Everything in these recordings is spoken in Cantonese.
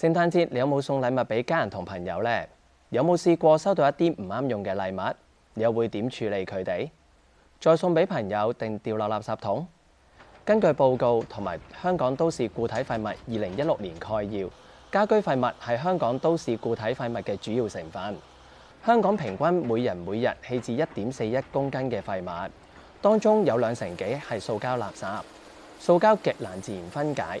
聖誕節你有冇送禮物俾家人同朋友呢？有冇試過收到一啲唔啱用嘅禮物？你又會點處理佢哋？再送俾朋友定掉落垃圾桶？根據報告同埋《香港都市固體廢物二零一六年概要》，家居廢物係香港都市固體廢物嘅主要成分。香港平均每人每日棄置一點四一公斤嘅廢物，當中有兩成幾係塑膠垃圾。塑膠極難自然分解。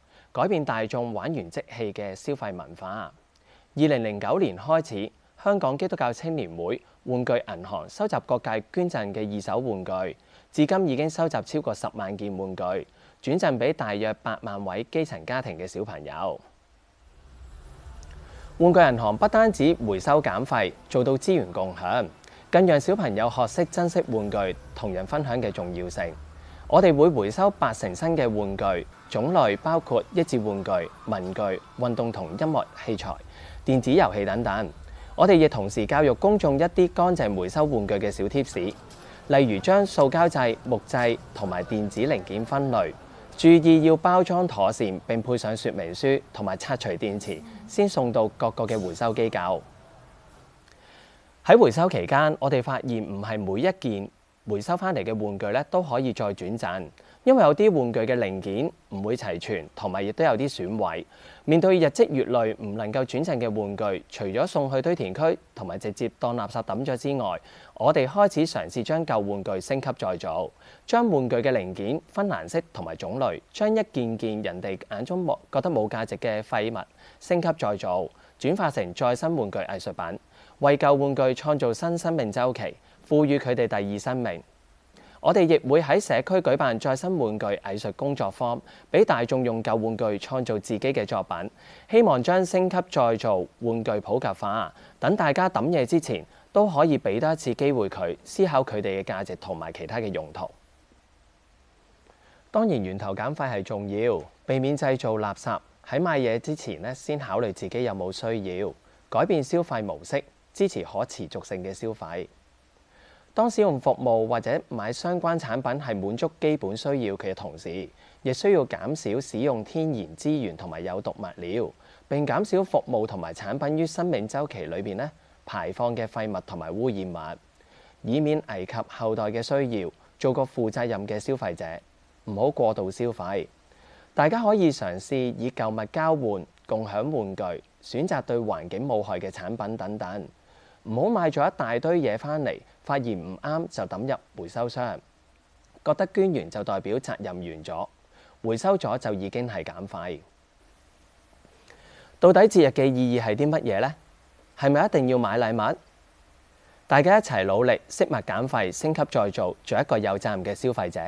改變大眾玩完即棄嘅消費文化。二零零九年開始，香港基督教青年會玩具銀行收集各界捐贈嘅二手玩具，至今已經收集超過十萬件玩具，轉贈俾大約八萬位基層家庭嘅小朋友。玩具銀行不單止回收減廢，做到資源共享，更讓小朋友學識珍惜玩具、同人分享嘅重要性。我哋會回收八成新嘅玩具，種類包括益智玩具、文具、運動同音樂器材、電子遊戲等等。我哋亦同時教育公眾一啲乾淨回收玩具嘅小貼士，例如將塑膠製、木製同埋電子零件分類，注意要包裝妥善並配上說明書同埋拆除電池，先送到各個嘅回收機構。喺回收期間，我哋發現唔係每一件回收返嚟嘅玩具咧都可以再轉贈，因為有啲玩具嘅零件唔會齊全，同埋亦都有啲損毀。面對日積月累唔能夠轉贈嘅玩具，除咗送去堆填區同埋直接當垃圾抌咗之外，我哋開始嘗試將舊玩具升級再造，將玩具嘅零件分顏色同埋種類，將一件件人哋眼中冇覺得冇價值嘅廢物升級再造，轉化成再生玩具藝術品，為舊玩具創造新生命週期。賦予佢哋第二生命。我哋亦會喺社區舉辦再生玩具藝術工作坊，俾大眾用舊玩具創造自己嘅作品，希望將升級再造玩具普及化。等大家抌嘢之前，都可以俾多一次機會佢思考佢哋嘅價值同埋其他嘅用途。當然，源頭減廢係重要，避免製造垃圾。喺買嘢之前呢，先考慮自己有冇需要，改變消費模式，支持可持續性嘅消費。當使用服務或者買相關產品係滿足基本需要嘅同時，亦需要減少使用天然資源同埋有毒物料，並減少服務同埋產品於生命周期裏邊呢排放嘅廢物同埋污染物，以免危及後代嘅需要。做個負責任嘅消費者，唔好過度消費。大家可以嘗試以舊物交換、共享玩具、選擇對環境冇害嘅產品等等。唔好買咗一大堆嘢返嚟，發現唔啱就抌入回收箱，覺得捐完就代表責任完咗，回收咗就已經係減廢。到底節日嘅意義係啲乜嘢呢？係咪一定要買禮物？大家一齊努力，惜物減廢，升級再造，做一個有責任嘅消費者。